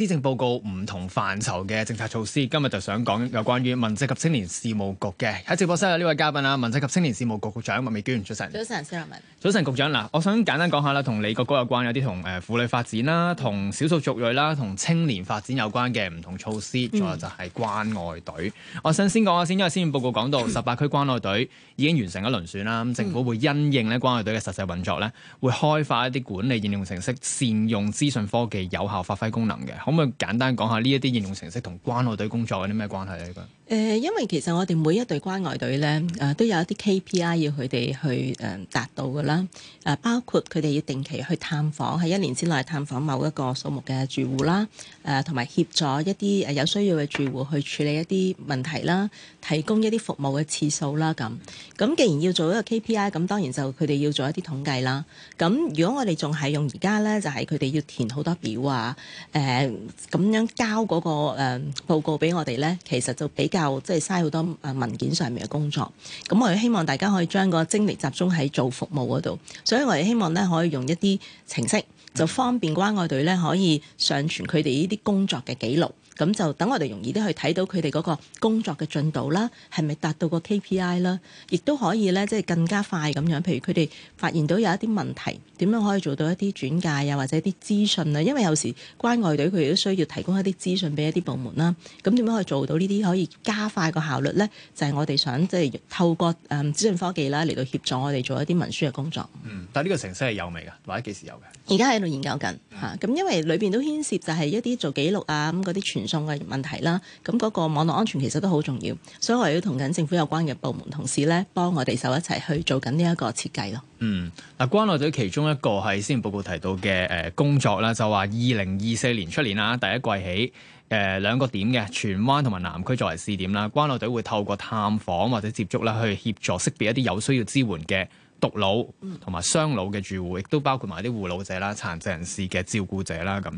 施政報告唔同範疇嘅政策措施，今日就想講有關於民政及青年事務局嘅。喺直播室有呢位嘉賓啊，民政及青年事務局局長麥美娟出席。早晨，施樂。早晨，局長。嗱，我想簡單講下啦，同你個局有關，有啲同誒婦女發展啦，同少數族裔啦，同青年發展有關嘅唔同的措施，仲有就係關愛隊。嗯、我想先講下先，因為施政報告講到十八區關愛隊已經完成咗輪選啦，咁政府會因應咧關愛隊嘅實際運作咧，會開發一啲管理應用程式，善用資訊科技，有效發揮功能嘅。咁啊，簡單講下呢一啲應用程式同關愛隊工作有啲咩關係？誒，因為其實我哋每一隊關愛隊咧，誒、呃、都有一啲 KPI 要佢哋去誒達、呃、到噶啦，誒包括佢哋要定期去探訪，喺一年之內探訪某一個數目嘅住戶啦，誒同埋協助一啲誒有需要嘅住戶去處理一啲問題啦，提供一啲服務嘅次數啦，咁咁既然要做一個 KPI，咁當然就佢哋要做一啲統計啦。咁如果我哋仲係用而家咧，就係佢哋要填好多表啊，誒、呃、咁樣交嗰、那個、呃、報告俾我哋咧，其實就比較。即係嘥好多文件上面嘅工作，咁我哋希望大家可以將個精力集中喺做服務嗰度，所以我哋希望咧可以用一啲程式。就方便關愛隊咧可以上傳佢哋呢啲工作嘅記錄，咁就等我哋容易啲去睇到佢哋嗰個工作嘅進度啦，係咪達到個 KPI 啦？亦都可以咧，即係更加快咁樣。譬如佢哋發現到有一啲問題，點樣可以做到一啲轉介啊，或者一啲資訊啊？因為有時關愛隊佢哋都需要提供一啲資訊俾一啲部門啦。咁點樣可以做到呢啲可以加快個效率呢？就係我哋想即係透過誒資訊科技啦嚟到協助我哋做一啲文書嘅工作。嗯，但係呢個程式係有未㗎？或者幾時有嘅？而家研究緊吓，咁因為裏邊都牽涉就係一啲做記錄啊，咁嗰啲傳送嘅問題啦，咁、那、嗰個網絡安全其實都好重要，所以我要同緊政府有關嘅部門同事咧，幫我哋手一齊去做緊呢一個設計咯。嗯，嗱，關愛隊其中一個喺施政報告提到嘅誒工作咧，就話二零二四年出年啊，第一季起誒兩、呃、個點嘅荃灣同埋南區作為試點啦，關愛隊會透過探訪或者接觸啦，去協助識別一啲有需要支援嘅。獨老同埋雙老嘅住戶，亦都包括埋啲護老者啦、殘疾人士嘅照顧者啦，咁。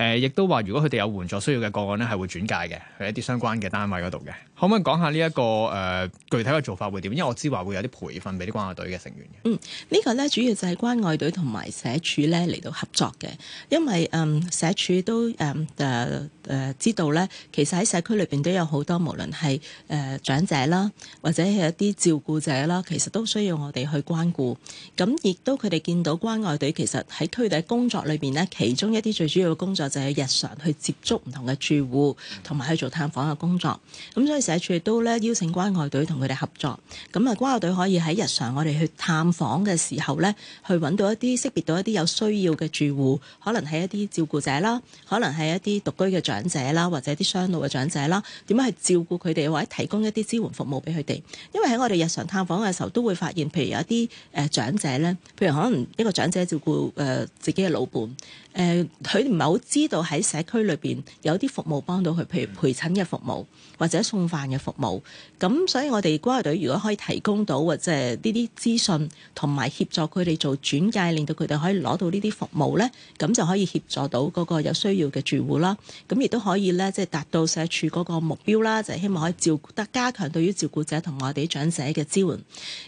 誒，亦都話，如果佢哋有援助需要嘅個案呢，係會轉介嘅去一啲相關嘅單位嗰度嘅。可唔可以講下呢、這、一個誒、呃、具體嘅做法會點？因為我知話會有啲培訓俾啲關愛隊嘅成員嘅。嗯，呢、這個呢，主要就係關愛隊同埋社署呢嚟到合作嘅，因為嗯社署都誒誒誒知道呢，其實喺社區裏邊都有好多，無論係誒、呃、長者啦，或者係一啲照顧者啦，其實都需要我哋去關顧。咁亦都佢哋見到關愛隊其實喺區嘅工作裏邊呢，其中一啲最主要嘅工作，就係日常去接觸唔同嘅住戶，同埋去做探訪嘅工作。咁所以社署都咧邀請關愛隊同佢哋合作。咁啊，關愛隊可以喺日常我哋去探訪嘅時候咧，去揾到一啲識別到一啲有需要嘅住戶，可能係一啲照顧者啦，可能係一啲獨居嘅長者啦，或者啲雙老嘅長者啦，點樣去照顧佢哋或者提供一啲支援服務俾佢哋。因為喺我哋日常探訪嘅時候，都會發現，譬如有啲誒長者咧，譬如可能一個長者照顧誒自己嘅老伴。誒，佢唔係好知道喺社區裏面有啲服務幫到佢，譬如陪診嘅服務或者送飯嘅服務。咁所以，我哋關愛隊如果可以提供到或者呢啲資訊同埋協助佢哋做轉介，令到佢哋可以攞到呢啲服務呢，咁就可以協助到嗰個有需要嘅住戶啦。咁亦都可以呢，即係達到社署嗰個目標啦，就係希望可以照顧得加強對於照顧者同我哋啲長者嘅支援。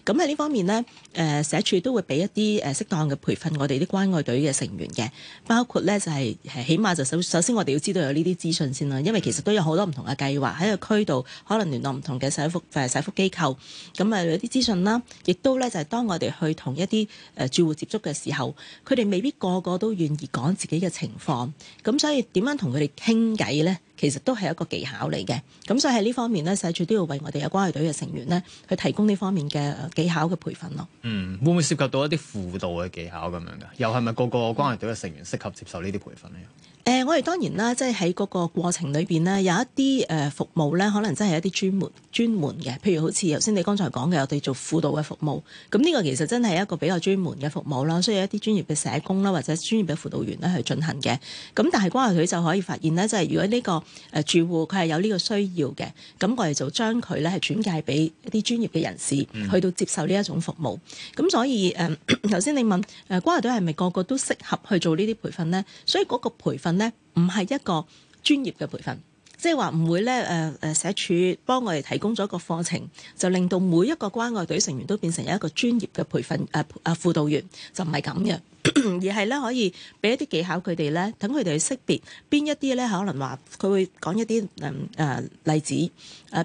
咁喺呢方面呢，誒社署都會俾一啲誒適當嘅培訓我哋啲關愛隊嘅成員嘅。包括咧就係，誒，起碼就首首先，我哋要知道有呢啲資訊先啦，因為其實都有好多唔同嘅計劃喺個區度，可能聯絡唔同嘅社福就社福機構，咁啊有啲資訊啦，亦都咧就係當我哋去同一啲，呃、住戶接觸嘅時候，佢哋未必個個都願意講自己嘅情況，咁所以點樣同佢哋傾偈咧？其實都係一個技巧嚟嘅，咁所以喺呢方面咧，社署都要為我哋有關愛隊嘅成員咧，去提供呢方面嘅技巧嘅培訓咯。嗯，會唔會涉及到一啲輔導嘅技巧咁樣噶？又係咪個個關愛隊嘅成員適合接受呢啲培訓呢？誒、呃，我哋當然啦，即係喺嗰個過程裏面呢，有一啲誒、呃、服務咧，可能真係一啲專門專門嘅，譬如好似頭先你剛才講嘅，我哋做輔導嘅服務，咁呢個其實真係一個比較專門嘅服務啦，需要一啲專業嘅社工啦，或者專業嘅輔導員咧去進行嘅。咁但係關愛隊就可以發現咧，即係如果呢個誒住戶佢係有呢個需要嘅，咁我哋就將佢咧係轉介俾一啲專業嘅人士、嗯、去到接受呢一種服務。咁所以誒，頭先你問誒關愛隊係咪個個都適合去做呢啲培訓咧？所以嗰個培訓，咧唔係一個專業嘅培訓，即係話唔會咧誒誒，社署幫我哋提供咗一個課程，就令到每一個關愛隊成員都變成一個專業嘅培訓誒誒、呃呃，輔導員就唔係咁嘅。 而係咧可以俾一啲技巧佢哋咧，等佢哋去識別邊一啲咧，可能話佢會講一啲誒、呃、例子，誒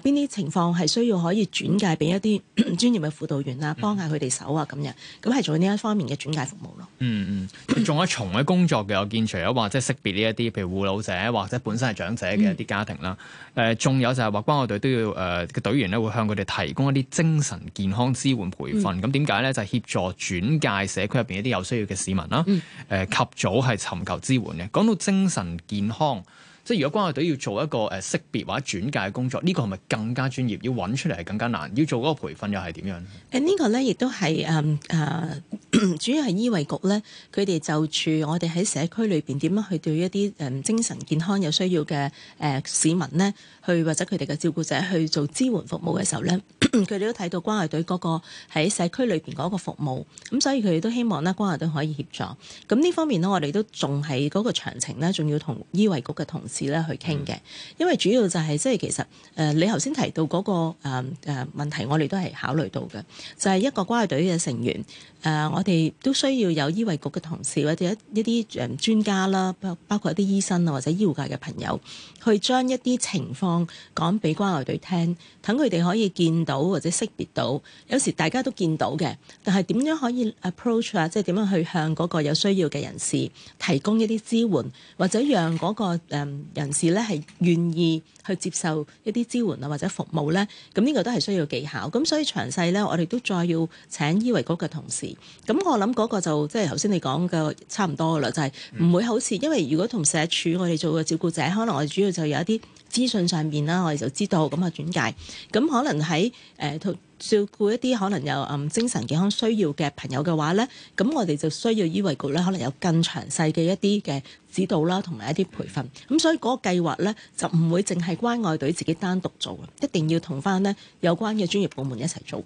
邊啲情況係需要可以轉介俾一啲專業嘅輔導員啊，幫下佢哋手啊咁樣，咁係做呢一方面嘅轉介服務咯、嗯。嗯嗯，仲有重嘅工作嘅，我見除咗話即係識別呢一啲，譬如護老者或者本身係長者嘅一啲家庭啦，誒、嗯，仲、呃、有就係話關愛隊都要誒嘅、呃、隊員咧，會向佢哋提供一啲精神健康支援培訓。咁點解咧？就係、是、協助轉介社區入邊一啲有需要嘅。市民啦，誒、嗯、及早係尋求支援嘅。講到精神健康，即係如果關愛隊要做一個誒識別或者轉介嘅工作，呢、呢個係咪更加專業？要揾出嚟係更加難。要做嗰個培訓又係點樣？誒呢個咧，亦都係誒誒，主要係醫衞局咧，佢哋就住我哋喺社區裏邊點樣去對一啲誒精神健康有需要嘅誒、呃、市民咧。去或者佢哋嘅照顧者去做支援服務嘅時候咧，佢哋 都睇到關愛隊嗰、那個喺社區裏邊嗰個服務，咁所以佢哋都希望咧關愛隊可以協助。咁呢方面咧，我哋都仲係嗰個詳情咧，仲要同醫衛局嘅同事咧去傾嘅，因為主要就係、是、即係其實誒、呃、你頭先提到嗰、那個誒誒、呃呃、問題我哋都係考慮到嘅，就係、是、一個關愛隊嘅成員誒、呃、我哋都需要有醫衛局嘅同事或者一啲誒專家啦，包括一啲醫生啊或者醫護界嘅朋友去將一啲情況。講俾關愛隊聽，等佢哋可以見到或者識別到。有時大家都見到嘅，但係點樣可以 approach 啊？即係點樣去向嗰個有需要嘅人士提供一啲支援，或者讓嗰個誒人士咧係願意去接受一啲支援啊，或者服務咧？咁呢個都係需要技巧。咁所以詳細咧，我哋都再要請醫衛局嘅同事。咁我諗嗰個就即係頭先你講嘅差唔多啦，就係唔會好似因為如果同社署我哋做嘅照顧者，可能我哋主要就有一啲。資訊上面啦，我哋就知道咁啊轉介。咁可能喺誒照顧一啲可能有精神健康需要嘅朋友嘅話呢，咁我哋就需要醫衞局呢，可能有更詳細嘅一啲嘅指導啦，同埋一啲培訓。咁所以嗰個計劃呢，就唔會淨係關愛隊自己單獨做，一定要同翻呢有關嘅專業部門一齊做。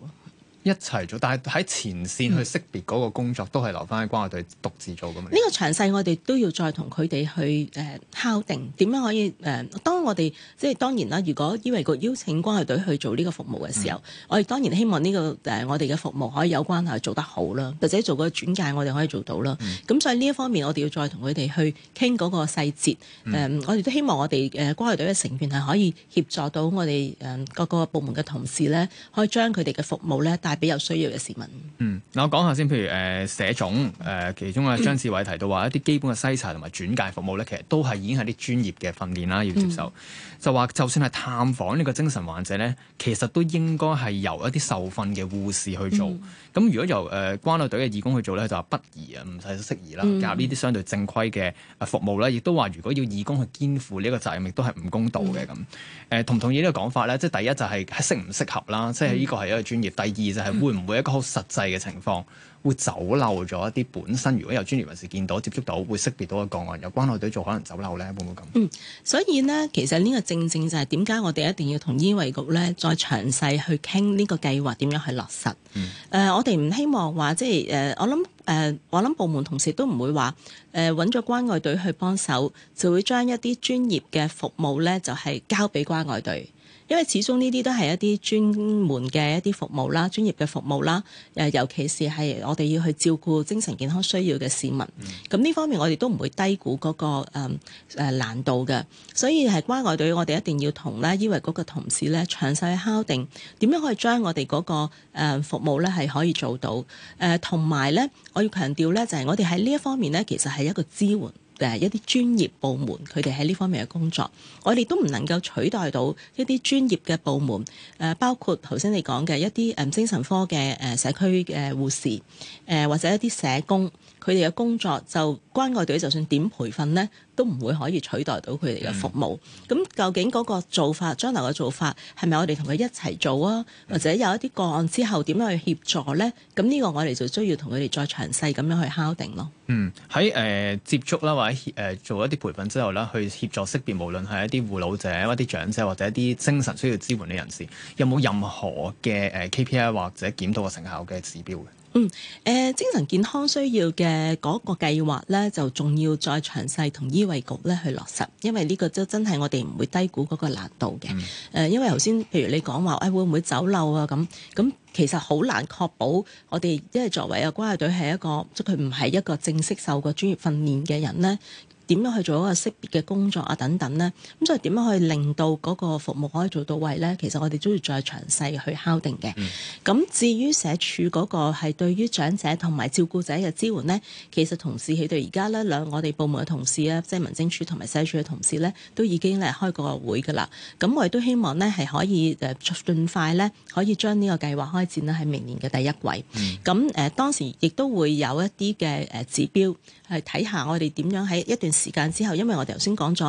一齊做，但係喺前線去識別嗰個工作、嗯、都係留翻喺關愛隊獨自做咁樣。呢個詳細我哋都要再同佢哋去誒敲、呃、定點、嗯、樣可以誒、呃。當我哋即係當然啦，如果以為個邀請關愛隊去做呢個服務嘅時候，嗯、我哋當然希望呢、呢個誒、呃、我哋嘅服務可以有關係做得好啦，或者做個轉介我哋可以做到啦。咁、嗯、所以呢一方面我哋要再同佢哋去傾嗰個細節。呃、我哋都希望我哋誒、呃、關愛隊嘅成員係可以協助到我哋誒、呃、各個部門嘅同事咧，可以將佢哋嘅服務咧係俾有需要嘅市民。嗯，嗱，我講下先。譬如，誒、呃，社總，誒、呃，其中啊，張志偉提到話，嗯、一啲基本嘅篩查同埋轉介服務咧，其實都係已經係啲專業嘅訓練啦，要接受。嗯、就話，就算係探訪呢個精神患者咧，其實都應該係由一啲受訓嘅護士去做。咁、嗯、如果由誒、呃、關愛隊嘅義工去做咧，就話不宜啊，唔使適宜啦。夾呢啲相對正規嘅誒服務咧，亦、嗯、都話，如果要義工去肩負呢個責任，亦都係唔公道嘅咁。誒、嗯，同唔同意個呢個講法咧？即係第一就係適唔適合啦，嗯、即係呢個係一個專業。第二、就是係會唔會一個好實際嘅情況，會走漏咗一啲本身如果有專業人士見到、接觸到，會識別到嘅個案，有關愛隊做可能走漏咧，會唔會咁？嗯，所以呢，其實呢個正正就係點解我哋一定要同醫衞局咧，再詳細去傾呢個計劃點樣去落實。嗯。Uh, 我哋唔希望話即係誒，我諗誒，uh, 我諗部門同事都唔會話誒，搵、uh, 咗關愛隊去幫手，就會將一啲專業嘅服務咧，就係、是、交俾關愛隊。因為始終呢啲都係一啲專門嘅一啲服務啦，專業嘅服務啦，誒、呃，尤其是係我哋要去照顧精神健康需要嘅市民。咁呢、嗯、方面我哋都唔會低估嗰、那個誒誒、呃呃、難度嘅，所以係關愛隊我哋一定要同啦醫衞局嘅同事呢詳細敲定點樣可以將我哋嗰個誒服務呢係可以做到。誒、呃，同埋呢，我要強調呢就係、是、我哋喺呢一方面呢其實係一個支援。誒一啲專業部門，佢哋喺呢方面嘅工作，我哋都唔能夠取代到一啲專業嘅部門。誒包括頭先你講嘅一啲誒精神科嘅誒社區嘅護士，誒或者一啲社工。佢哋嘅工作就關愛隊，就算點培訓呢都唔會可以取代到佢哋嘅服務。咁、嗯、究竟嗰個做法，將來嘅做法係咪我哋同佢一齊做啊？嗯、或者有一啲個案之後點樣去協助呢？咁呢個我哋就需要同佢哋再詳細咁樣去敲定咯。嗯，喺、呃、接觸啦，或者、呃、做一啲培訓之後啦，去協助識別無論係一啲護老者、或啲長者或者一啲精神需要支援嘅人士，有冇任何嘅 KPI 或者檢討嘅成效嘅指標？嗯，誒、呃、精神健康需要嘅嗰個計劃咧，就仲要再詳細同醫衛局咧去落實，因為呢個都真係我哋唔會低估嗰個難度嘅、呃。因為頭先譬如你講話，誒、哎、會唔會走漏啊？咁咁其實好難確保我哋，因為作為啊關愛隊係一個，即係佢唔係一個正式受過專業訓練嘅人咧。點樣去做一個識別嘅工作啊？等等咧，咁所以點樣去令到嗰個服務可以做到位咧？其實我哋都要再詳細去敲定嘅。咁、mm. 至於社署嗰個係對於長者同埋照顧者嘅支援咧，其實同事喺到而家咧兩個我哋部門嘅同事啊，即係民政署同埋社署嘅同事咧，都已經咧開過個會噶啦。咁我亦都希望咧係可以誒盡、啊、快咧可以將呢個計劃開展咧喺明年嘅第一季。咁誒、mm. 啊、當時亦都會有一啲嘅誒指標係睇下我哋點樣喺一段時間之後，因為我哋頭先講咗，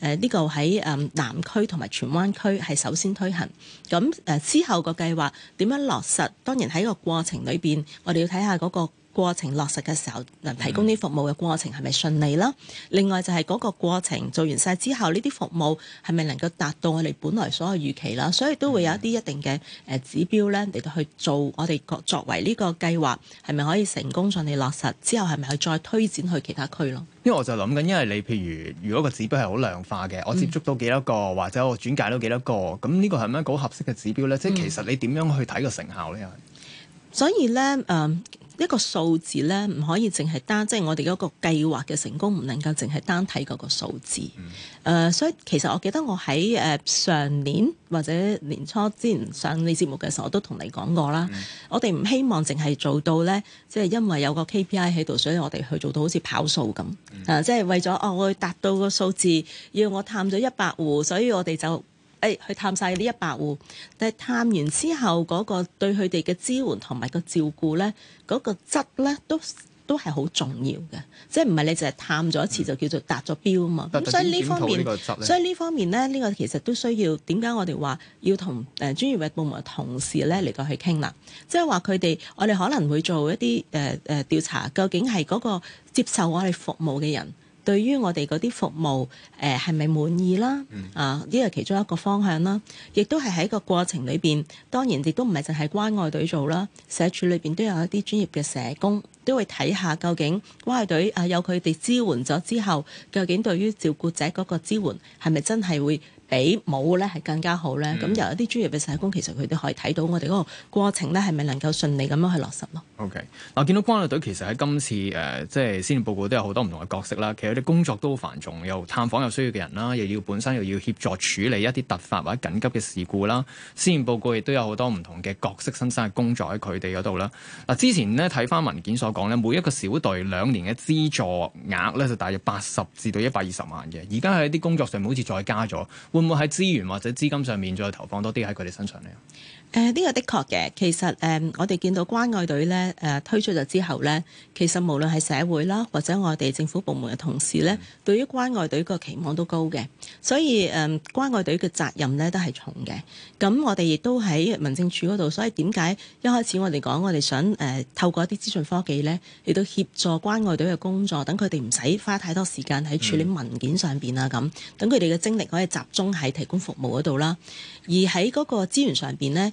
呢個喺南區同埋荃灣區係首先推行，咁之後個計劃點樣落實？當然喺個過程裏面，我哋要睇下嗰個。過程落實嘅時候，能提供啲服務嘅過程係咪順利啦？嗯、另外就係嗰個過程做完晒之後，呢啲服務係咪能夠達到我哋本來所預期啦？所以都會有一啲一定嘅誒指標咧，嚟到去做我哋作作為呢個計劃係咪可以成功順利落實？之後係咪去再推展去其他區咯？因為我就諗緊，因為你譬如如果個指標係好量化嘅，我接觸到幾多個，嗯、或者我轉介到幾多個，咁呢個係咪一個好合適嘅指標呢？即係、嗯、其實你點樣去睇個成效咧？所以呢。誒、嗯。一個數字咧，唔可以淨係單即係、就是、我哋嗰個計劃嘅成功，唔能夠淨係單睇嗰個數字。誒、mm hmm. 呃，所以其實我記得我喺上年或者年初之前上呢節目嘅時候，我都同你講過啦。Mm hmm. 我哋唔希望淨係做到咧，即、就、係、是、因為有個 KPI 喺度，所以我哋去做到好似跑數咁啊，即係、mm hmm. 呃就是、為咗哦，我達到個數字，要我探咗一百戶，所以我哋就。誒、哎、去探晒呢一百戶，但係探完之後嗰個對佢哋嘅支援同埋個照顧咧，嗰、那個質咧都都係好重要嘅，即係唔係你淨係探咗一次就叫做達咗標啊嘛？咁所以呢方面，這所以呢方面咧，呢、這個其實都需要點解我哋話要同誒、呃、專業服務部門嘅同事咧嚟過去傾啦，即係話佢哋我哋可能會做一啲誒誒調查，究竟係嗰個接受我哋服務嘅人。對於我哋嗰啲服務，誒係咪滿意啦？啊，呢個其中一個方向啦，亦都係喺個過程裏邊，當然亦都唔係淨係關愛隊做啦，社署裏邊都有一啲專業嘅社工，都會睇下究竟關愛隊啊有佢哋支援咗之後，究竟對於照顧者嗰個支援係咪真係會？比冇咧係更加好咧，咁、嗯、由一啲專業嘅社工，其實佢哋可以睇到我哋嗰個過程咧，係咪能夠順利咁樣去落實咯？OK，嗱，見到關愛隊其實喺今次誒，即係施政報告都有好多唔同嘅角色啦。其實佢哋工作都好繁重，又探訪有需要嘅人啦，又要本身又要協助處理一啲突發或者緊急嘅事故啦。施政報告亦都有好多唔同嘅角色新生嘅工作喺佢哋嗰度啦。嗱，之前呢，睇翻文件所講咧，每一個小隊兩年嘅資助額咧就大約八十至到一百二十萬嘅。而家喺啲工作上面好似再加咗。會唔會喺資源或者資金上面再投放多啲喺佢哋身上咧？誒呢、呃這個的確嘅，其實誒、呃、我哋見到關愛隊咧誒推出咗之後咧，其實無論係社會啦，或者我哋政府部門嘅同事咧，對於關愛隊個期望都高嘅，所以誒、呃、關愛隊嘅責任咧都係重嘅。咁我哋亦都喺民政處嗰度，所以點解一開始我哋講我哋想誒、呃、透過一啲資訊科技咧，亦都協助關愛隊嘅工作，等佢哋唔使花太多時間喺處理文件上邊啊咁，等佢哋嘅精力可以集中喺提供服務嗰度啦。而喺嗰個資源上邊咧。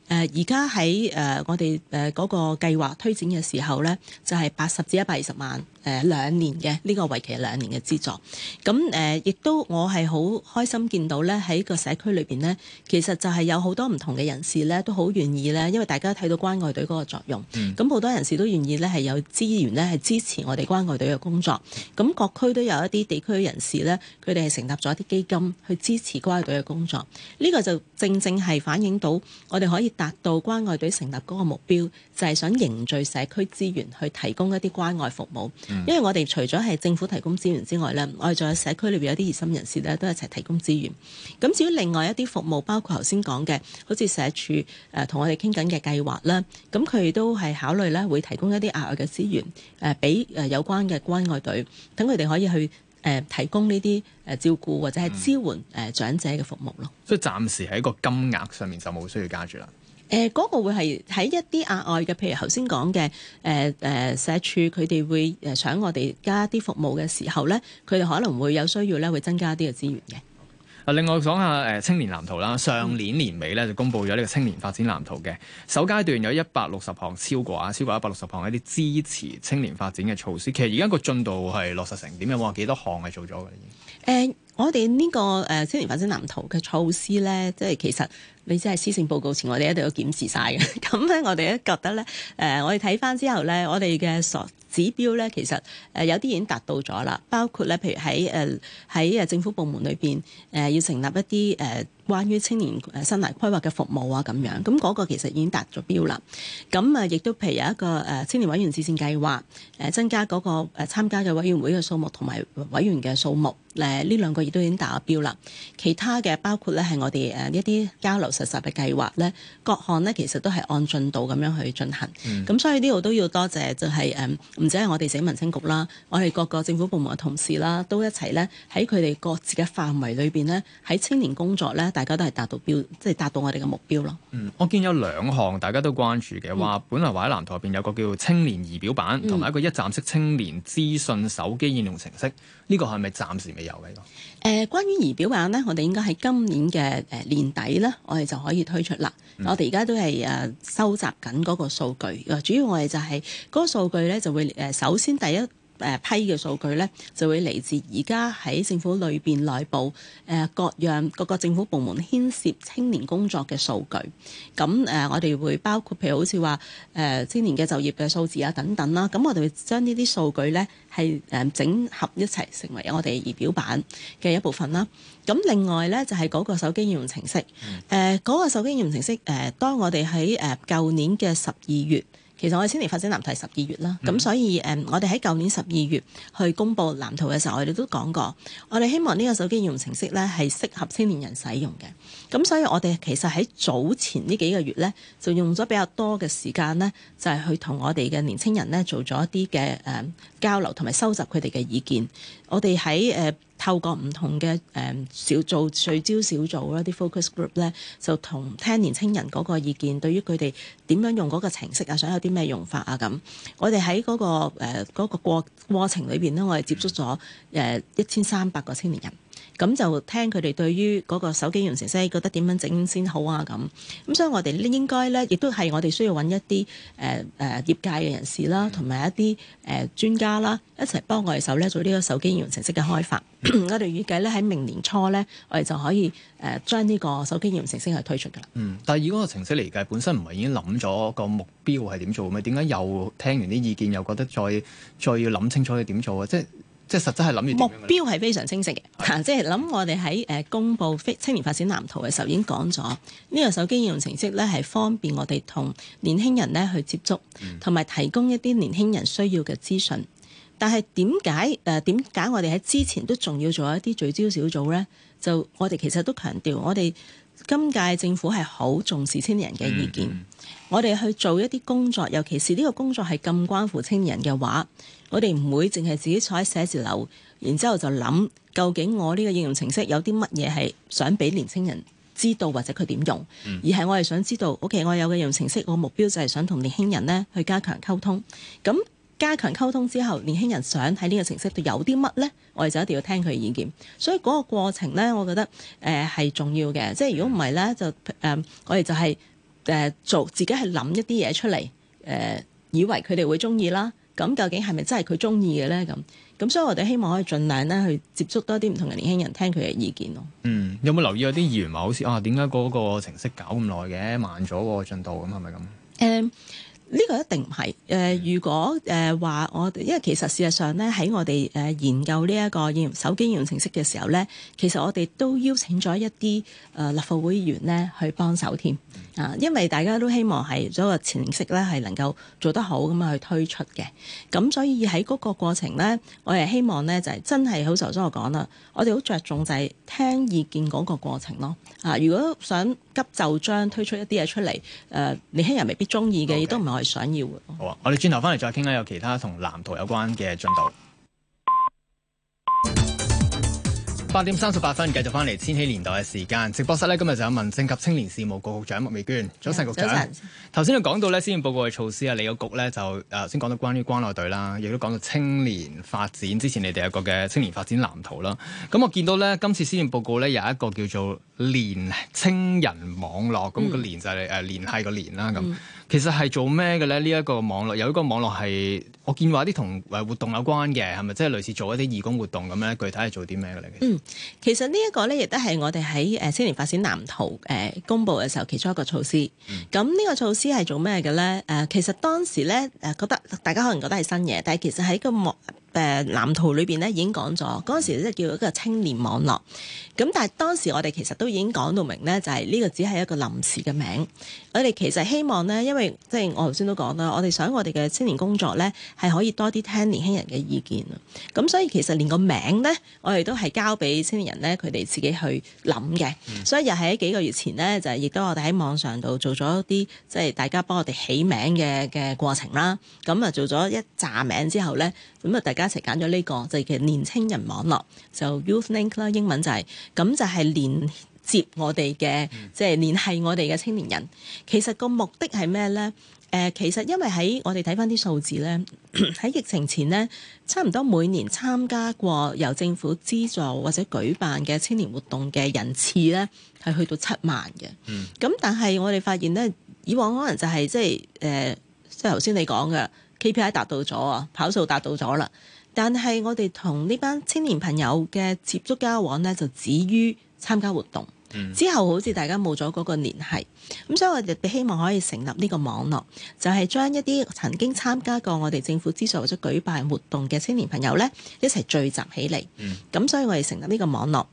誒而家喺誒我哋誒嗰個計劃推展嘅時候咧，就係八十至一百二十萬誒、呃、兩年嘅呢、這個為期兩年嘅資助。咁誒亦都我係好開心見到咧，喺個社區裏面呢，其實就係有好多唔同嘅人士咧，都好願意咧，因為大家睇到關愛隊嗰個作用，咁好、嗯、多人士都願意咧係有資源咧係支持我哋關愛隊嘅工作。咁各區都有一啲地區嘅人士咧，佢哋係成立咗一啲基金去支持關愛隊嘅工作。呢、這個就正正係反映到我哋可以。達到關愛隊成立嗰個目標，就係、是、想凝聚社區資源去提供一啲關愛服務。因為我哋除咗係政府提供資源之外咧，我哋仲有社區裏邊有啲熱心人士咧，都一齊提供資源。咁至於另外一啲服務，包括頭先講嘅，好似社署誒同、呃、我哋傾緊嘅計劃啦，咁佢都係考慮咧會提供一啲額外嘅資源誒，俾、呃、誒有關嘅關愛隊，等佢哋可以去誒、呃、提供呢啲誒照顧或者係支援誒、呃、長者嘅服務咯。所以暫時喺個金額上面就冇需要加住啦。誒嗰、呃那個會係喺一啲額外嘅，譬如頭先講嘅，誒、呃、誒社署佢哋會想我哋加啲服務嘅時候咧，佢哋可能會有需要咧，會增加一啲嘅資源嘅。啊！另外講下誒青年藍圖啦，上年年尾咧就公布咗呢、呃、個青年發展藍圖嘅首階段有一百六十項超過啊，超過一百六十項一啲支持青年發展嘅措施。其實而家個進度係落實成點？有冇話幾多項係做咗嘅？誒，我哋呢個誒青年發展藍圖嘅措施咧，即係其實你知係施政報告前，我哋一定要檢視晒嘅。 咁、呃、咧，我哋都覺得咧，誒，我哋睇翻之後咧，我哋嘅指標咧，其實誒有啲已經達到咗啦，包括咧，譬如喺誒喺誒政府部門裏邊誒要成立一啲誒。關於青年誒生涯規劃嘅服務啊，咁樣咁嗰、那個其實已經達咗標啦。咁啊，亦都譬如有一個誒青、啊、年委員自薦計劃，誒、啊、增加嗰、那個誒、啊、參加嘅委員會嘅數目同埋委員嘅數目。誒、啊、呢兩個亦都已經達了標啦。其他嘅包括咧係我哋誒、啊、一啲交流實習嘅計劃咧，各項咧其實都係按進度咁樣去進行。咁、嗯、所以呢度都要多謝就係、是、誒，唔、啊、止係我哋寫民青局啦，我哋各個政府部門嘅同事啦，都一齊咧喺佢哋各自嘅範圍裏邊咧，喺青年工作咧。大家都係達到標，即、就、係、是、達到我哋嘅目標咯。嗯，我見有兩項大家都關注嘅話，嗯、本來話喺藍圖入邊有個叫青年儀表板，同埋、嗯、一個一站式青年資訊手機應用程式。呢、這個係咪暫時未有嘅？個？誒，關於儀表板呢，我哋應該喺今年嘅年底呢，我哋就可以推出啦。嗯、我哋而家都係收集緊嗰個數據，主要我哋就係嗰個數據呢，就會首先第一。呃、批嘅數據咧，就會嚟自而家喺政府裏面內部、呃、各樣各個政府部門牽涉青年工作嘅數據。咁、呃、我哋會包括譬如好似話、呃、青年嘅就業嘅數字啊等等啦。咁、啊、我哋會將呢啲數據咧係整合一齊成為我哋儀表板嘅一部分啦。咁、啊、另外咧就係、是、嗰個手機應用程式，嗰、呃嗰個手機應用程式誒、呃，當我哋喺誒舊年嘅十二月。其實我哋青年發展藍圖係十二月啦，咁、嗯、所以誒，um, 我哋喺舊年十二月去公布藍圖嘅時候，我哋都講過，我哋希望呢個手機應用程式咧係適合青年人使用嘅。咁所以我哋其實喺早前呢幾個月咧，就用咗比較多嘅時間咧，就係、是、去同我哋嘅年青人咧做咗一啲嘅誒交流，同埋收集佢哋嘅意見。我哋喺、呃、透過唔同嘅、呃、小組、聚焦小組啦、啲 focus group 咧，就同聽年青人嗰個意見，對於佢哋點樣用嗰個程式啊，想有啲咩用法啊咁。我哋喺嗰個、呃、嗰個過、過程裏面咧，我哋接觸咗呃一千三百個青年人。咁就聽佢哋對於嗰個手機應用程式覺得點樣整先好啊咁，咁所以我哋應該咧，亦都係我哋需要搵一啲誒、呃、業界嘅人士啦，同埋一啲誒、呃、專家啦，一齊幫我哋手咧做呢個手機應用程式嘅開發。嗯、 我哋預計咧喺明年初咧，我哋就可以誒、呃、將呢個手機應用程式去推出㗎。嗯，但係以嗰個程式嚟計本身唔係已經諗咗個目標係點做咩？點解又聽完啲意見又覺得再再要諗清楚佢點做啊？即係即係實質係諗完目標係非常清晰嘅，即係諗我哋喺誒公布非青年發展藍圖嘅時候已經講咗呢個手機應用程式咧係方便我哋同年輕人咧去接觸，同埋、嗯、提供一啲年輕人需要嘅資訊。但係點解誒點解我哋喺之前都仲要做一啲聚焦小組呢？就我哋其實都強調，我哋今屆政府係好重視青年嘅意見。嗯、我哋去做一啲工作，尤其是呢個工作係咁關乎青年嘅話。我哋唔會淨係自己坐喺寫字樓，然之後就諗究竟我呢個應用程式有啲乜嘢係想俾年青人知道或者佢點用，嗯、而係我係想知道，OK，我有個應用程式，我目標就係想同年輕人呢去加強溝通。咁加強溝通之後，年輕人想喺呢個程式度有啲乜呢？我哋就一定要聽佢意見。所以嗰個過程呢，我覺得誒係、呃、重要嘅。即係如果唔係呢，就誒、呃、我哋就係、是、誒、呃、做自己係諗一啲嘢出嚟，誒、呃、以為佢哋會中意啦。咁究竟係咪真係佢中意嘅咧？咁咁，所以我哋希望可以儘量咧去接觸多啲唔同嘅年輕人，聽佢嘅意見咯。嗯，有冇留意有啲議員話，好似啊，點解嗰個程式搞咁耐嘅，慢咗喎、哦、進度，咁係咪咁？誒、嗯，呢、呢個一定唔係誒。如果誒話我哋，因為其實事實上咧，喺我哋誒研究呢一個應用手機應用程式嘅時候咧，其實我哋都邀請咗一啲誒、呃、立法會議員咧去幫手添。啊，嗯、因為大家都希望係嗰、這個前色咧係能夠做得好咁樣去推出嘅，咁所以喺嗰個過程咧，我係希望咧就係、是、真係好頭先我講啦，我哋好着重就係聽意見嗰個過程咯。啊，如果想急就將推出一啲嘢出嚟，誒、呃、年輕人未必中意嘅，亦都唔係我哋想要嘅。Okay. 好啊，我哋轉頭翻嚟再傾咧，有其他同藍圖有關嘅進度。八點三十八分，繼續翻嚟千禧年代嘅時間，直播室咧今日就有民政及青年事務局局長麥美娟，早晨局長。頭先佢講到咧、呃，施政報告嘅措施啊，你個局咧就誒先講到關於關愛隊啦，亦都講到青年發展，之前你哋有個嘅青年發展藍圖啦。咁我見到咧今次施政報告咧有一個叫做連青人網絡，咁個連就係 mm. 呃、連繫誒聯繫個連啦。咁其實係做咩嘅咧？呢、這、一個網絡有一個網絡係。我見過啲同活動有關嘅，係咪即係類似做一啲義工活動咁咧？具體係做啲咩嘅咧？嗯，其實呢一個咧亦都係我哋喺誒青年發展藍圖誒公佈嘅時候，其中一個措施。咁呢、嗯、個措施係做咩嘅咧？其實當時咧誒覺得大家可能覺得係新嘢，但係其實喺個幕。誒藍圖裏面咧已經講咗，嗰時即係叫做一個青年網絡。咁但係當時我哋其實都已經講到明咧，就係、是、呢個只係一個臨時嘅名。我哋其實希望咧，因為即係我頭先都講啦，我哋想我哋嘅青年工作咧係可以多啲聽年輕人嘅意見。咁所以其實連個名咧，我哋都係交俾青年人咧，佢哋自己去諗嘅。嗯、所以又喺幾個月前咧，就亦都我哋喺網上度做咗啲即係大家幫我哋起名嘅嘅過程啦。咁、嗯、啊做咗一紮名之後咧。咁啊，大家一齊揀咗呢個就係其實年輕人網絡，就 Youth Link 啦，英文就係、是、咁就係連接我哋嘅，即係聯繫我哋嘅青年人。嗯、其實個目的係咩咧？誒，其實因為喺我哋睇返啲數字咧，喺 疫情前咧，差唔多每年參加過由政府資助或者舉辦嘅青年活動嘅人次咧，係去到七萬嘅。咁、嗯、但係我哋發現咧，以往可能就係即係誒，即係頭先你講嘅。KPI 達到咗啊，跑數達到咗啦，但係我哋同呢班青年朋友嘅接觸交往呢，就止於參加活動。之後好似大家冇咗嗰個聯繫，咁所以我哋希望可以成立呢個網絡，就係將一啲曾經參加過我哋政府資助或者舉辦活動嘅青年朋友呢，一齊聚集起嚟。咁所以我哋成立呢個網絡。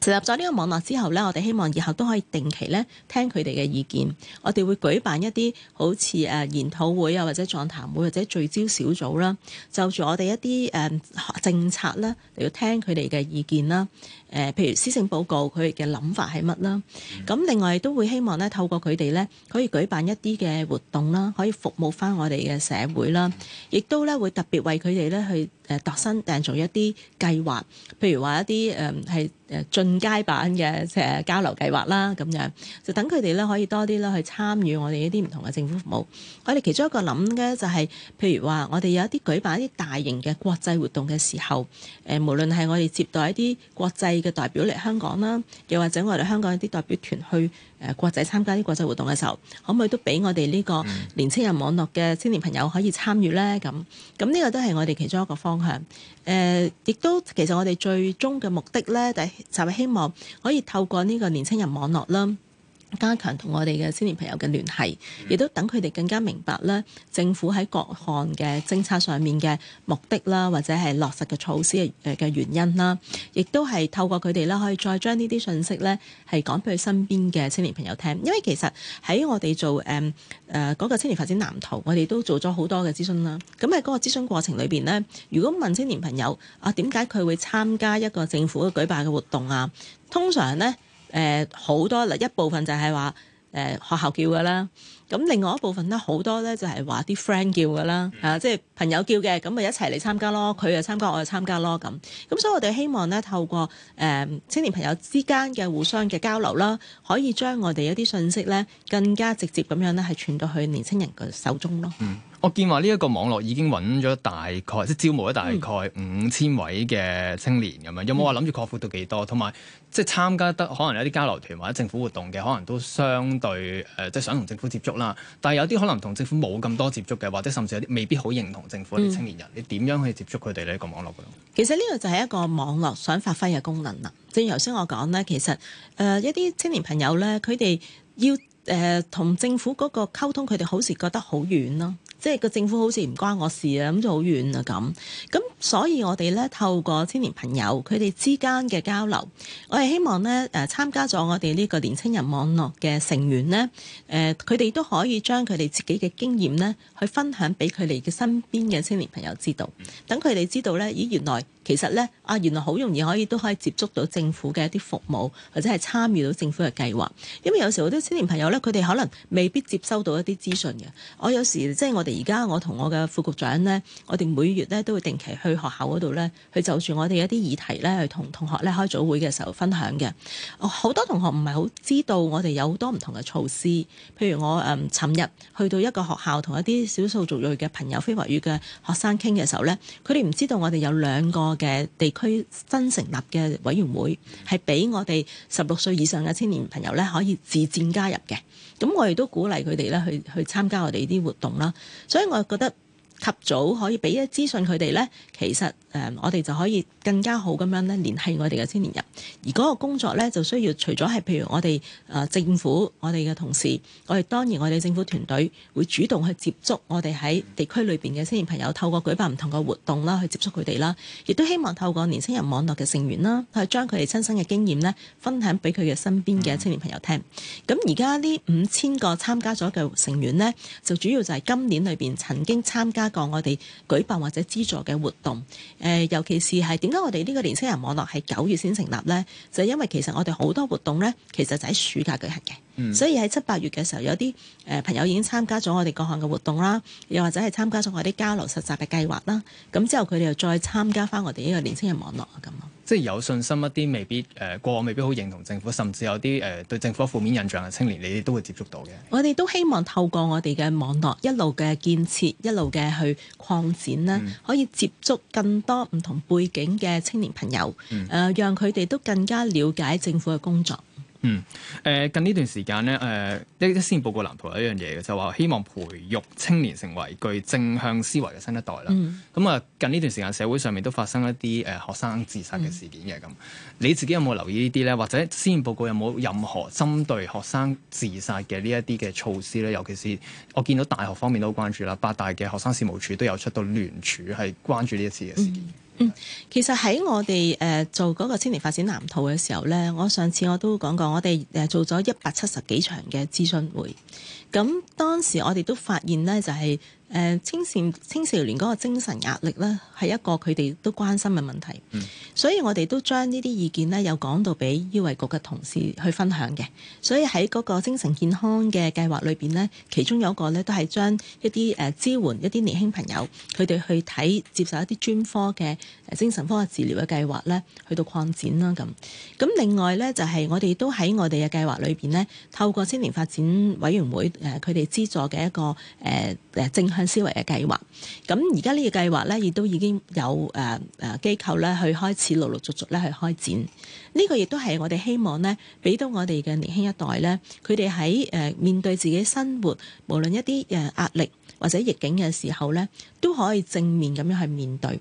成立咗呢個網絡之後咧，我哋希望以後都可以定期咧聽佢哋嘅意見。我哋會舉辦一啲好似誒研討會啊，或者座談會或者聚焦小組啦，就住我哋一啲誒政策啦，嚟到聽佢哋嘅意見啦。誒，譬如施政報告，佢哋嘅諗法係乜啦。咁、嗯、另外都會希望咧，透過佢哋咧，可以舉辦一啲嘅活動啦，可以服務翻我哋嘅社會啦，亦都咧會特別為佢哋咧去。誒度身訂做一啲計劃，譬如話一啲誒係誒進階版嘅誒交流計劃啦，咁樣就等佢哋咧可以多啲咧去參與我哋呢啲唔同嘅政府服務。我哋其中一個諗嘅就係、是，譬如話我哋有一啲舉辦一啲大型嘅國際活動嘅時候，誒、呃、無論係我哋接待一啲國際嘅代表嚟香港啦，又或者我哋香港的一啲代表團去。誒國際參加啲國際活動嘅時候，可唔可以都俾我哋呢個年輕人網絡嘅青年朋友可以參與呢？咁咁呢個都係我哋其中一個方向。誒、呃，亦都其實我哋最終嘅目的呢，就係希望可以透過呢個年輕人網絡啦。加強同我哋嘅青年朋友嘅聯繫，亦都等佢哋更加明白咧政府喺各項嘅政策上面嘅目的啦，或者係落實嘅措施嘅嘅原因啦，亦都係透過佢哋啦，可以再將呢啲信息咧係講俾佢身邊嘅青年朋友聽。因為其實喺我哋做誒誒嗰個青年發展藍圖，我哋都做咗好多嘅諮詢啦。咁喺嗰個諮詢過程裏邊咧，如果問青年朋友啊點解佢會參加一個政府嘅舉辦嘅活動啊，通常咧。誒，好多啦，一部分就係話誒學校叫㗎啦，咁另外一部分咧，好多咧就係話啲 friend 叫㗎啦，即係朋友叫嘅，咁咪、嗯啊、一齊嚟參加咯，佢又參加，我又參加咯咁。咁所以我哋希望咧透過誒、呃、青年朋友之間嘅互相嘅交流啦，可以將我哋一啲信息咧更加直接咁樣咧係傳到去年青人嘅手中咯。嗯我見話呢一個網絡已經揾咗大概，即係招募咗大概五千位嘅青年咁樣，嗯、有冇話諗住擴闊到幾多？同埋即係參加得可能有啲交流團或者政府活動嘅，可能都相對誒，即係想同政府接觸啦。但係有啲可能同政府冇咁多接觸嘅，或者甚至有啲未必好認同政府啲青年人，嗯、你點樣去接觸佢哋呢個網絡嗰度，其實呢個就係一個網絡想發揮嘅功能啦。正如頭先我講呢，其實誒一啲青年朋友呢，佢哋要誒同政府嗰個溝通，佢哋好似覺得好遠咯。即係個政府好似唔關我事啊，咁就好遠啊咁。咁所以我哋咧透過青年朋友佢哋之間嘅交流，我係希望呢、啊、參加咗我哋呢個年青人網絡嘅成員呢，啊、佢哋都可以將佢哋自己嘅經驗呢去分享俾佢哋嘅身邊嘅青年朋友知道。等佢哋知道呢，咦原來其實呢，啊原來好容易可以都可以接觸到政府嘅一啲服務，或者係參與到政府嘅計劃。因為有時候好多青年朋友呢，佢哋可能未必接收到一啲資訊嘅。我有時即係我哋。而家我同我嘅副局長呢，我哋每月呢都會定期去學校嗰度呢，去就住我哋一啲議題呢，去同同學呢開組會嘅時候分享嘅。我好多同學唔係好知道我哋有好多唔同嘅措施，譬如我誒尋日去到一個學校，同一啲少數族裔嘅朋友，非華語嘅學生傾嘅時候呢，佢哋唔知道我哋有兩個嘅地區新成立嘅委員會，係俾我哋十六歲以上嘅青年朋友呢可以自薦加入嘅。咁我亦都鼓勵佢哋咧去去參加我哋啲活動啦，所以我覺得及早可以俾一資訊佢哋咧，其實。誒，我哋就可以更加好咁樣咧聯繫我哋嘅青年人，而嗰個工作咧就需要除咗係譬如我哋誒政府，我哋嘅同事，我哋當然我哋政府團隊會主動去接觸我哋喺地區裏邊嘅青年朋友，透過舉辦唔同嘅活動啦，去接觸佢哋啦，亦都希望透過年輕人網絡嘅成員啦，去將佢哋親身嘅經驗呢分享俾佢嘅身邊嘅青年朋友聽。咁而家呢五千個參加咗嘅成員呢，就主要就係今年裏邊曾經參加過我哋舉辦或者資助嘅活動。誒，尤其是係點解我哋呢個年輕人網絡係九月先成立呢？就係、因為其實我哋好多活動呢，其實就喺暑假舉行嘅，嗯、所以喺七八月嘅時候，有啲誒朋友已經參加咗我哋各項嘅活動啦，又或者係參加咗我啲交流實習嘅計劃啦，咁之後佢哋又再參加翻我哋呢個年輕人網絡咁。即係有信心一啲，未必、呃、過往未必好認同政府，甚至有啲誒、呃、對政府負面印象嘅青年，你哋都會接觸到嘅。我哋都希望透過我哋嘅網絡，一路嘅建設，一路嘅去擴展、嗯、可以接觸更多唔同背景嘅青年朋友，誒、嗯呃，讓佢哋都更加了解政府嘅工作。嗯，誒近呢段時間咧，誒施政報告藍圖有一樣嘢嘅，就話、是、希望培育青年成為具正向思維嘅新一代啦。咁啊、嗯，近呢段時間社會上面都發生一啲誒、呃、學生自殺嘅事件嘅咁，嗯、你自己有冇留意呢啲咧？或者《施政報告》有冇任何針對學生自殺嘅呢一啲嘅措施咧？尤其是我見到大學方面都關注啦，八大嘅學生事務處都有出到聯署係關注呢一次嘅事件。嗯嗯，其實喺我哋誒、呃、做嗰個青年發展藍圖嘅時候咧，我上次我都講過，我哋誒做咗一百七十幾場嘅諮詢會，咁當時我哋都發現咧，就係、是。誒青少年青少年嗰個精神壓力咧，係一個佢哋都關心嘅問題，嗯、所以我哋都將呢啲意見呢，有講到俾醫衞局嘅同事去分享嘅。所以喺嗰個精神健康嘅計劃裏邊呢，其中有一個呢，都係將一啲誒、呃、支援一啲年輕朋友，佢哋去睇接受一啲專科嘅誒、呃、精神科嘅治療嘅計劃咧，去到擴展啦咁。咁另外呢，就係、是、我哋都喺我哋嘅計劃裏邊呢，透過青年發展委員會誒，佢、呃、哋資助嘅一個誒誒、呃、正向思維嘅計劃，咁而家呢個計劃咧，亦都已經有誒誒機構咧去開始陸陸續續咧去開展。呢個亦都係我哋希望咧，俾到我哋嘅年輕一代咧，佢哋喺誒面對自己生活，無論一啲誒壓力或者逆境嘅時候咧，都可以正面咁樣去面對。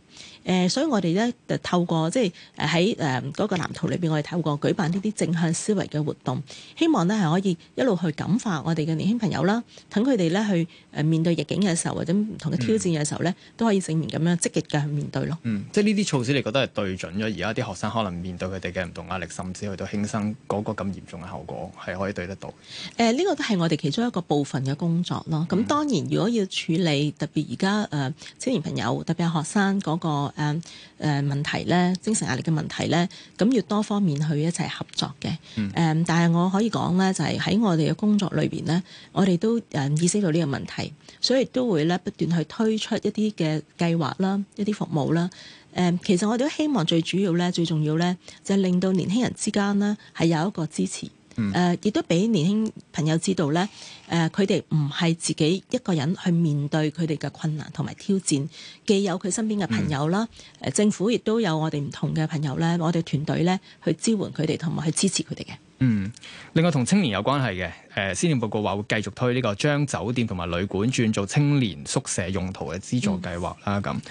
誒、呃，所以我哋咧就透過即係喺誒嗰個藍圖裏邊，我哋透過舉辦呢啲正向思維嘅活動，希望呢係可以一路去感化我哋嘅年輕朋友啦，等佢哋呢去誒、呃、面對逆境嘅時候，或者唔同嘅挑戰嘅時候呢，都可以正面咁樣積極嘅去面對咯。嗯、即係呢啲措施你覺得係對準咗而家啲學生可能面對佢哋嘅唔同壓力，甚至去到輕生嗰個咁嚴重嘅後果，係可以對得到。誒、呃，呢、這個都係我哋其中一個部分嘅工作咯。咁當然，如果要處理特別而家誒青年朋友，特別係學生嗰、那個。誒誒、啊呃、問題咧，精神壓力嘅問題咧，咁要多方面去一齊合作嘅、嗯嗯。但係我可以講咧，就係、是、喺我哋嘅工作裏邊，咧，我哋都、嗯、意識到呢個問題，所以都會咧不斷去推出一啲嘅計劃啦，一啲服務啦。嗯、其實我哋都希望最主要咧、最重要咧，就係、是、令到年輕人之間呢，係有一個支持。誒，亦、嗯、都俾年輕朋友知道咧，誒，佢哋唔係自己一個人去面對佢哋嘅困難同埋挑戰，既有佢身邊嘅朋友啦，誒、嗯，政府亦都有我哋唔同嘅朋友咧，我哋團隊咧去支援佢哋同埋去支持佢哋嘅。嗯，另外同青年有關係嘅，誒，施政報告話會繼續推呢、這個將酒店同埋旅館轉做青年宿舍用途嘅資助計劃啦，咁誒、嗯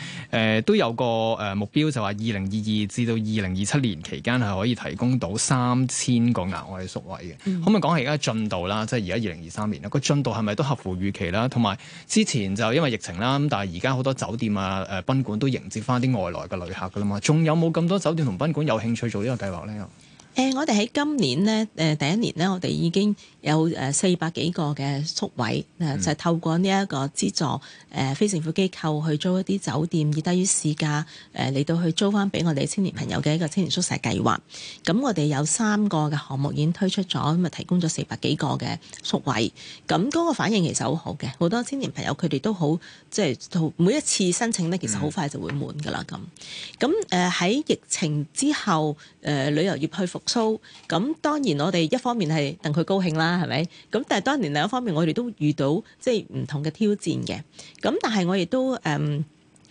嗯、都有個誒目標就話二零二二至到二零二七年期間係可以提供到三千個額外嘅宿位嘅。嗯、可唔可以講下而家嘅進度啦，即係而家二零二三年啦，個進度係咪都合乎預期啦？同埋之前就因為疫情啦，咁但係而家好多酒店啊、誒、呃、賓館都迎接翻啲外來嘅旅客噶啦嘛，仲有冇咁多酒店同賓館有興趣做這個計劃呢個計劃咧？誒、呃，我哋喺今年咧，誒、呃、第一年咧，我哋已經。有誒四百幾個嘅宿位，誒就係、是、透過呢一個資助誒、呃、非政府機構去租一啲酒店，以低於市價誒嚟到去租翻俾我哋青年朋友嘅一個青年宿舍計劃。咁我哋有三個嘅項目已經推出咗，咁啊提供咗四百幾個嘅宿位。咁嗰個反應其實好好嘅，好多青年朋友佢哋都好即係每一次申請呢，其實好快就會滿㗎啦咁。咁誒喺疫情之後誒、呃、旅遊業去復甦，咁當然我哋一方面係戥佢高興啦。係咪？咁但係當然另一方面，我哋都遇到即係唔同嘅挑戰嘅。咁但係我亦都誒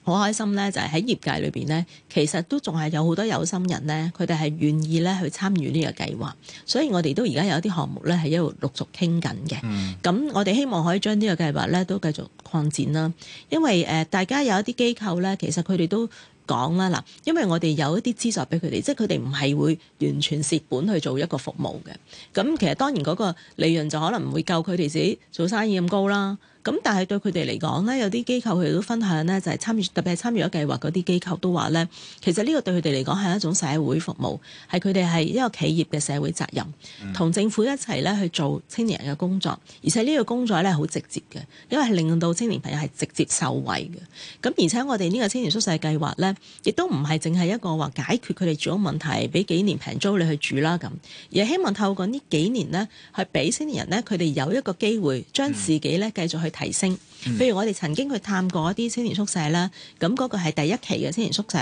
好開心咧，就係喺業界裏邊咧，其實都仲係有好多有心人咧，佢哋係願意咧去參與呢個計劃。所以我哋都而家有一啲項目咧，係一路陸續傾緊嘅。咁我哋希望可以將呢個計劃咧都繼續擴展啦。因為誒，大家有一啲機構咧，其實佢哋都。講啦，嗱，因為我哋有一啲資助俾佢哋，即係佢哋唔係會完全蝕本去做一個服務嘅。咁其實當然嗰個利潤就可能唔會夠佢哋自己做生意咁高啦。咁但係對佢哋嚟講咧，有啲機構佢都分享咧，就係參與，特別係參與咗計劃嗰啲機構都話咧，其實呢個對佢哋嚟講，係一種社會服務，係佢哋係一個企業嘅社會責任，同政府一齊咧去做青年人嘅工作，而且呢個工作咧好直接嘅，因為係令到青年朋友係直接受惠嘅。咁而且我哋呢個青年宿舍計劃咧，亦都唔係淨係一個話解決佢哋住屋問題，俾幾年平租你去住啦咁，而係希望透過呢幾年咧，係俾青年人咧佢哋有一個機會，將自己咧繼續去。提升，嗯、譬如我哋曾經去探過一啲青年宿舍啦，咁、那、嗰個係第一期嘅青年宿舍，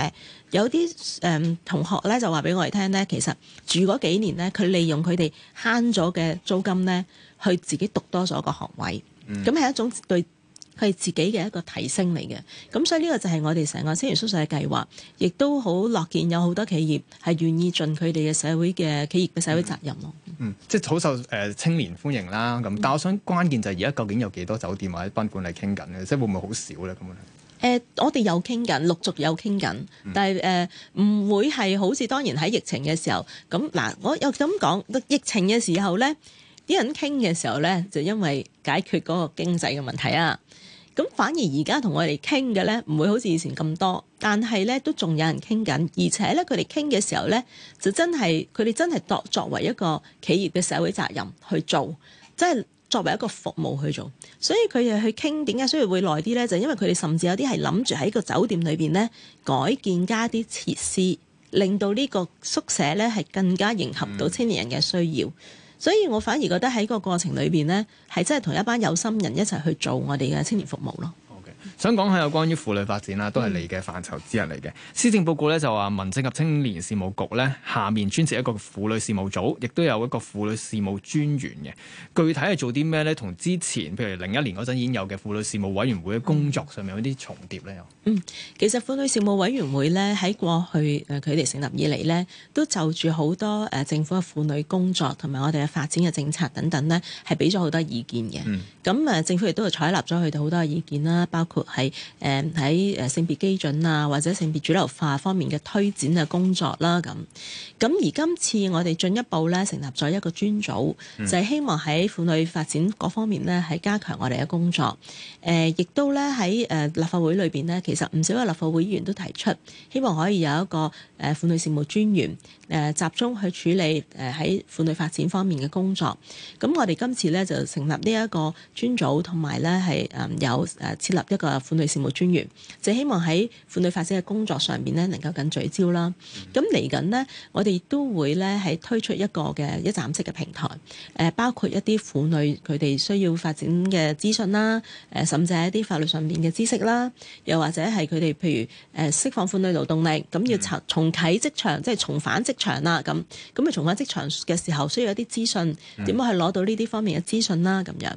有啲誒、嗯、同學咧就話俾我哋聽咧，其實住嗰幾年咧，佢利用佢哋慳咗嘅租金咧，去自己讀多咗個學位，咁係、嗯、一種對。佢係自己嘅一個提升嚟嘅，咁所以呢個就係我哋成個青年宿舍嘅計劃，亦都好樂見有好多企業係願意盡佢哋嘅社會嘅企業嘅社會責任咯、嗯。嗯，即係好受誒、呃、青年歡迎啦。咁但我想、嗯、關鍵就係而家究竟有幾多酒店或者賓館係傾緊咧？即係會唔會好少咧？咁樣誒，我哋有傾緊，陸續有傾緊，嗯、但係誒唔會係好似當然喺疫情嘅時候咁嗱、呃，我又咁講，疫情嘅時候咧啲人傾嘅時候咧，就因為解決嗰個經濟嘅問題啊。咁反而而家同我哋傾嘅咧，唔會好似以前咁多，但係咧都仲有人傾緊，而且咧佢哋傾嘅時候咧，就真係佢哋真係作作為一個企業嘅社會責任去做，即係作為一個服務去做，所以佢哋去傾點解所以會耐啲咧，就因為佢哋甚至有啲係諗住喺個酒店裏面咧改建加啲設施，令到呢個宿舍咧係更加迎合到青年人嘅需要。所以我反而覺得喺個過程裏邊，呢係真係同一班有心人一齊去做我哋嘅青年服務咯。想講係有關於婦女發展啦，都係你嘅範疇之一嚟嘅。嗯、施政報告咧就話民政及青年事務局咧下面專設一個婦女事務組，亦都有一個婦女事務專員嘅。具體係做啲咩咧？同之前譬如零一年嗰陣已經有嘅婦女事務委員會嘅工作上面有啲重疊咧？嗯，其實婦女事務委員會咧喺過去誒佢哋成立以嚟咧都就住好多誒、呃、政府嘅婦女工作同埋我哋嘅發展嘅政策等等咧係俾咗好多意見嘅。嗯。咁誒政府亦都係採納咗佢哋好多嘅意見啦，包括。係誒喺誒性別基準啊，或者性別主流化方面嘅推展嘅工作啦，咁咁而今次我哋進一步咧成立咗一個專組，就係希望喺婦女發展各方面咧，喺加強我哋嘅工作。誒，亦都咧喺誒立法會裏邊咧，其實唔少嘅立法會議員都提出，希望可以有一個誒婦女事務專員。誒集中去處理誒喺婦女發展方面嘅工作，咁我哋今次咧就成立呢一個專組，同埋咧係誒有誒設立一個婦女事務專員，就是，希望喺婦女發展嘅工作上面咧能夠更聚焦啦。咁嚟緊呢，我哋都會咧喺推出一個嘅一站式嘅平台，誒包括一啲婦女佢哋需要發展嘅資訊啦，誒甚至係一啲法律上面嘅知識啦，又或者係佢哋譬如誒釋放婦女勞動力，咁要重啟職場，即係重返職。場啦，咁咁啊，重返職場嘅時候需要一啲資訊，點樣去攞到呢啲方面嘅資訊啦？咁樣，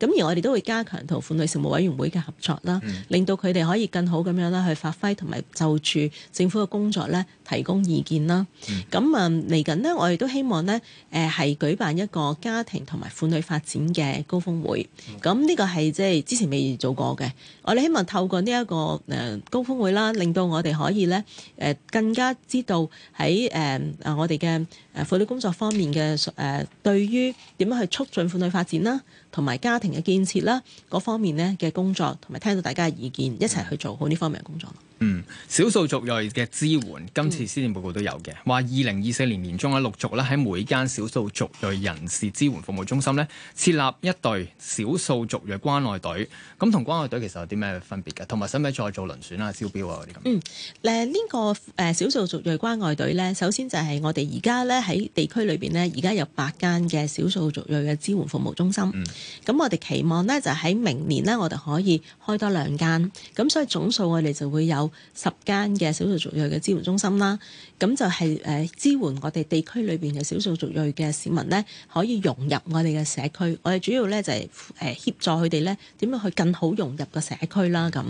咁而我哋都會加強同婦女事務委員會嘅合作啦，嗯、令到佢哋可以更好咁樣啦，去發揮同埋就住政府嘅工作咧，提供意見啦，咁啊嚟緊呢，我哋都希望呢，誒、呃，係舉辦一個家庭同埋婦女發展嘅高峰會。咁呢、嗯、個係即係之前未做過嘅。我哋希望透過呢、這、一個誒、呃、高峰會啦，令到我哋可以呢誒、呃、更加知道喺誒、呃、我哋嘅誒婦女工作方面嘅誒、呃、對於點樣去促進婦女發展啦，同埋家庭嘅建設啦嗰方面呢嘅工作，同埋聽到大家嘅意見，一齊去做好呢方面嘅工作。嗯，少數族裔嘅支援，今次施政報告都有嘅，話二零二四年年中咧陸續咧喺每間少數族裔人士支援服務中心咧設立一隊少數族裔關愛隊，咁同關愛隊其實有啲咩分別嘅？同埋使唔使再做輪選啊、招標啊嗰啲咁？嗯，誒、這、呢個誒少數族裔關愛隊咧，首先就係我哋而家咧喺地區裏邊咧，而家有八間嘅少數族裔嘅支援服務中心，咁、嗯、我哋期望咧就喺明年咧我哋可以開多兩間，咁所以總數我哋就會有十間嘅少數族裔嘅支援中心啦，咁就係、是、誒、呃、支援我哋地區裏邊嘅少數族裔嘅市民呢，可以融入我哋嘅社區。我哋主要呢，就係、是、誒、呃、協助佢哋呢點樣去更好融入個社區啦。咁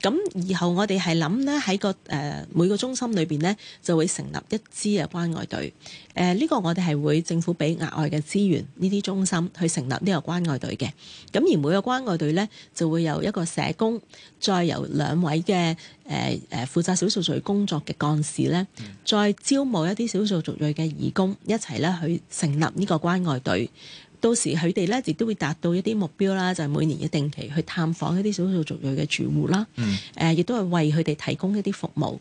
咁以後我哋係諗呢，喺個誒、呃、每個中心裏邊呢，就會成立一支嘅關愛隊。誒、呃、呢、這個我哋係會政府俾額外嘅資源呢啲中心去成立呢個關愛隊嘅。咁而每個關愛隊呢，就會由一個社工，再由兩位嘅誒。呃誒誒，負責少數族裔工作嘅幹事咧，再招募一啲少數族裔嘅義工，一齊咧去成立呢個關愛隊。到時佢哋咧亦都會達到一啲目標啦，就係、是、每年一定期去探訪一啲少數族裔嘅住戶啦。誒，亦都係為佢哋提供一啲服務。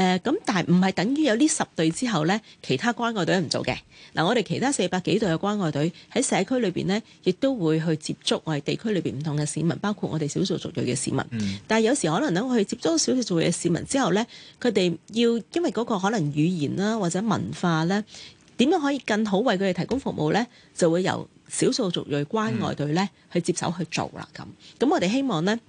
咁、呃，但係唔係等於有呢十隊之後呢，其他關愛隊唔做嘅嗱、呃，我哋其他四百幾隊嘅關愛隊喺社區裏面呢，亦都會去接觸我哋地區裏面唔同嘅市民，包括我哋少數族裔嘅市民。嗯、但係有時可能咧，我去接觸少數族裔嘅市民之後呢，佢哋要因為嗰個可能語言啦、啊、或者文化呢，點樣可以更好為佢哋提供服務呢，就會由少數族裔關愛隊呢去接手去做啦。咁咁，我哋希望呢。.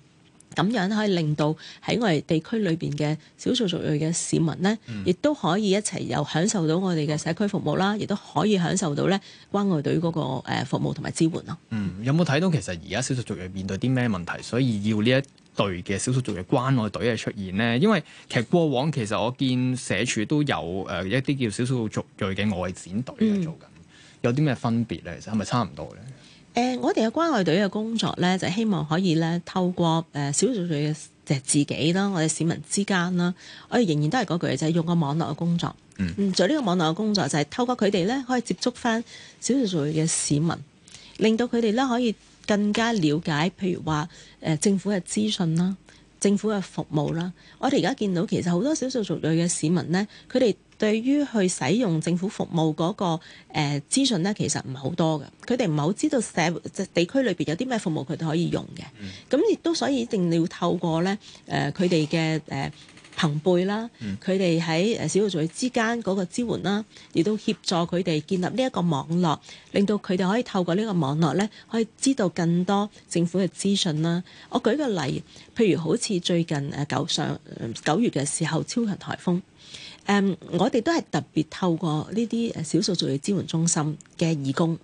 咁樣可以令到喺我哋地區裏面嘅少數族裔嘅市民呢，亦都、嗯、可以一齊又享受到我哋嘅社區服務啦，亦都可以享受到呢關愛隊嗰個服務同埋支援咯。嗯，有冇睇到其實而家少數族裔面對啲咩問題，所以要呢一隊嘅少數族裔關愛隊嘅出現呢？因為其實過往其實我見社署都有、呃、一啲叫少數族裔嘅外展隊去做緊，嗯、有啲咩分別呢？其實係咪差唔多呢？誒、呃，我哋嘅關愛隊嘅工作咧，就希望可以咧透過、呃、少數族裔嘅自己啦，我哋市民之間啦，我哋仍然都係嗰句，就係用個網絡嘅工作。嗯。嗯，做呢個網絡嘅工作就係透過佢哋咧，可以接觸翻少數族裔嘅市民，令到佢哋咧可以更加了解，譬如話、呃、政府嘅資訊啦、政府嘅服務啦。我哋而家見到其實好多少數族裔嘅市民咧，佢哋。對於去使用政府服務嗰、那個誒資訊咧，其實唔係好多嘅。佢哋唔係好知道社，即地區裏邊有啲咩服務，佢哋可以用嘅。咁亦、嗯、都所以一定要透過咧誒佢哋嘅誒朋輩啦，佢哋喺誒小組之間嗰個支援啦，亦都協助佢哋建立呢一個網絡，令到佢哋可以透過呢個網絡咧，可以知道更多政府嘅資訊啦。我舉一個例，譬如好似最近誒九上、呃、九月嘅時候，超強颱風。誒，um, 我哋都係特別透過呢啲少數族裔支援中心嘅義工，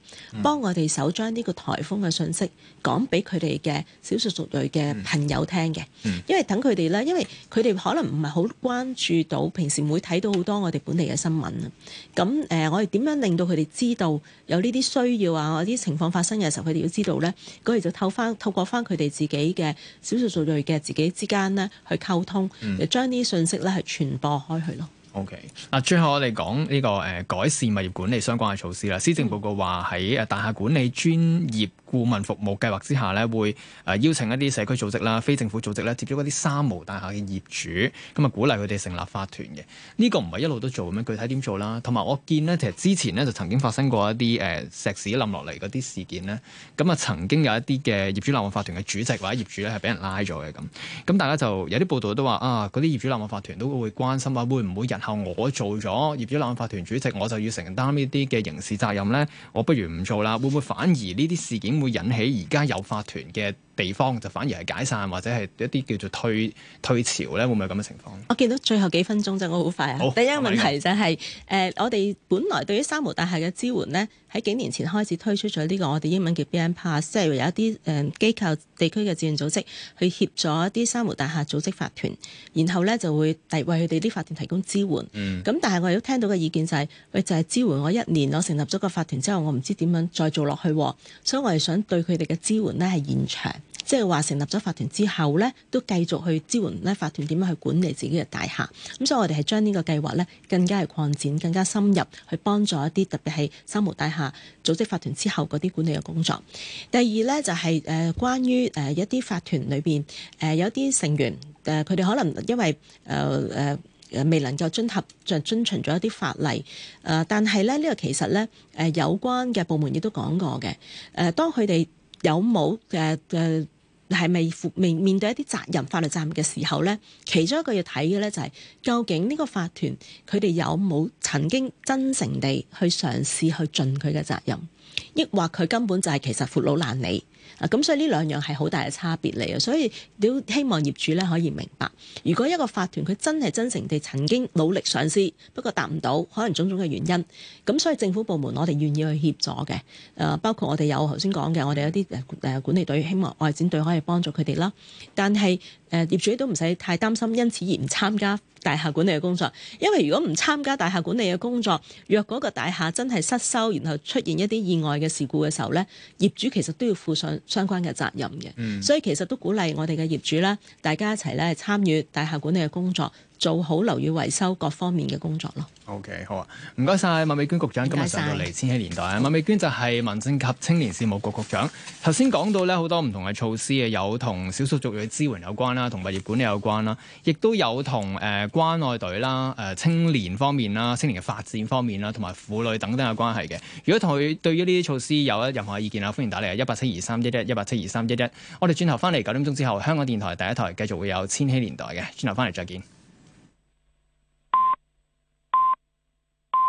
幫我哋手將呢個颱風嘅信息講俾佢哋嘅少數族裔嘅朋友聽嘅。因為等佢哋咧，因為佢哋可能唔係好關注到平時唔會睇到好多我哋本地嘅新聞啊。咁、呃、我哋點樣令到佢哋知道有呢啲需要啊？有啲情況發生嘅時候，佢哋要知道咧，嗰時就透翻透過翻佢哋自己嘅少數族裔嘅自己之間咧去溝通，又將呢啲信息咧係傳播開去咯。O.K. 嗱，最後我哋講呢個誒、呃、改善物業管理相關嘅措施啦。施政報告話喺大廈管理專業顧問服務計劃之下咧，會誒、呃、邀請一啲社區組織啦、非政府組織咧，接觸一啲三無大廈嘅業主，咁啊鼓勵佢哋成立法團嘅。呢、呢個唔係一路都做咩？具體點做啦？同埋我見呢，其實之前呢就曾經發生過一啲誒、呃、石屎冧落嚟嗰啲事件呢。咁啊曾經有一啲嘅業主立案法團嘅主席或者業主咧係俾人拉咗嘅咁。咁大家就有啲報道都話啊，嗰啲業主立案法團都會關心話、啊、會唔會人。後我做咗業主立案法團主席，我就要承擔呢啲嘅刑事責任呢，我不如唔做啦，會唔會反而呢啲事件會引起而家有法團嘅？地方就反而係解散，或者係一啲叫做退退潮咧，會唔會咁嘅情況？我見到最後幾分鐘真係好快啊！好、oh, 第一個問題就係、是、誒、這個，呃、我哋本來對於三無大廈嘅支援咧，喺幾年前開始推出咗呢、這個我哋英文叫 BMPASS，即係有一啲誒機構地區嘅志願組織去協助啲三無大廈組織法團，然後咧就會為佢哋啲法團提供支援。嗯，咁但係我亦都聽到嘅意見就係、是、喂，就係、是、支援我一年，我成立咗個法團之後，我唔知點樣再做落去，所以我係想對佢哋嘅支援咧係延長。即係話成立咗法團之後咧，都繼續去支援咧法團點樣去管理自己嘅大廈。咁所以，我哋係將呢個計劃咧更加係擴展、更加深入去幫助一啲特別係三無大廈組織法團之後嗰啲管理嘅工作。第二咧就係、是、誒關於誒一啲法團裏邊誒有一啲成員誒佢哋可能因為誒誒誒未能夠遵合遵從咗一啲法例誒、呃，但係咧呢、呢個其實咧誒有關嘅部門亦都講過嘅誒，當佢哋有冇誒誒。呃係咪負面面對一啲責任、法律責任嘅時候呢？其中一個要睇嘅呢，就係究竟呢個法團佢哋有冇曾經真誠地去嘗試去盡佢嘅責任，抑或佢根本就係其實闊佬懶理？咁所以呢兩樣係好大嘅差別嚟嘅，所以都希望業主呢可以明白。如果一個法團佢真係真誠地曾經努力嘗試，不過達唔到，可能種種嘅原因，咁所以政府部門我哋願意去協助嘅。誒，包括我哋有頭先講嘅，我哋有啲管理隊，希望外展隊可以。幫助佢哋啦，但係誒、呃、業主都唔使太擔心，因此而唔參加大廈管理嘅工作，因為如果唔參加大廈管理嘅工作，若嗰個大廈真係失修，然後出現一啲意外嘅事故嘅時候呢，業主其實都要負上相關嘅責任嘅，嗯、所以其實都鼓勵我哋嘅業主咧，大家一齊咧參與大廈管理嘅工作。做好樓宇維修各方面嘅工作咯。OK，好啊，唔該晒，麥美娟局長今日上到嚟《千禧年代》啊謝。麥美娟就係民政及青年事務局局長。頭先講到咧，好多唔同嘅措施有同少數族裔支援有關啦，同物業管理有關啦，亦都有同誒關愛隊啦、誒、呃、青年方面啦、青年嘅發展方面啦，同埋婦女等等有關係嘅。如果同佢對於呢啲措施有任何嘅意見啊，歡迎打嚟一八七二三一一一八七二三一一。我哋轉頭翻嚟九點鐘之後，香港電台第一台繼續會有《千禧年代》嘅轉頭翻嚟再見。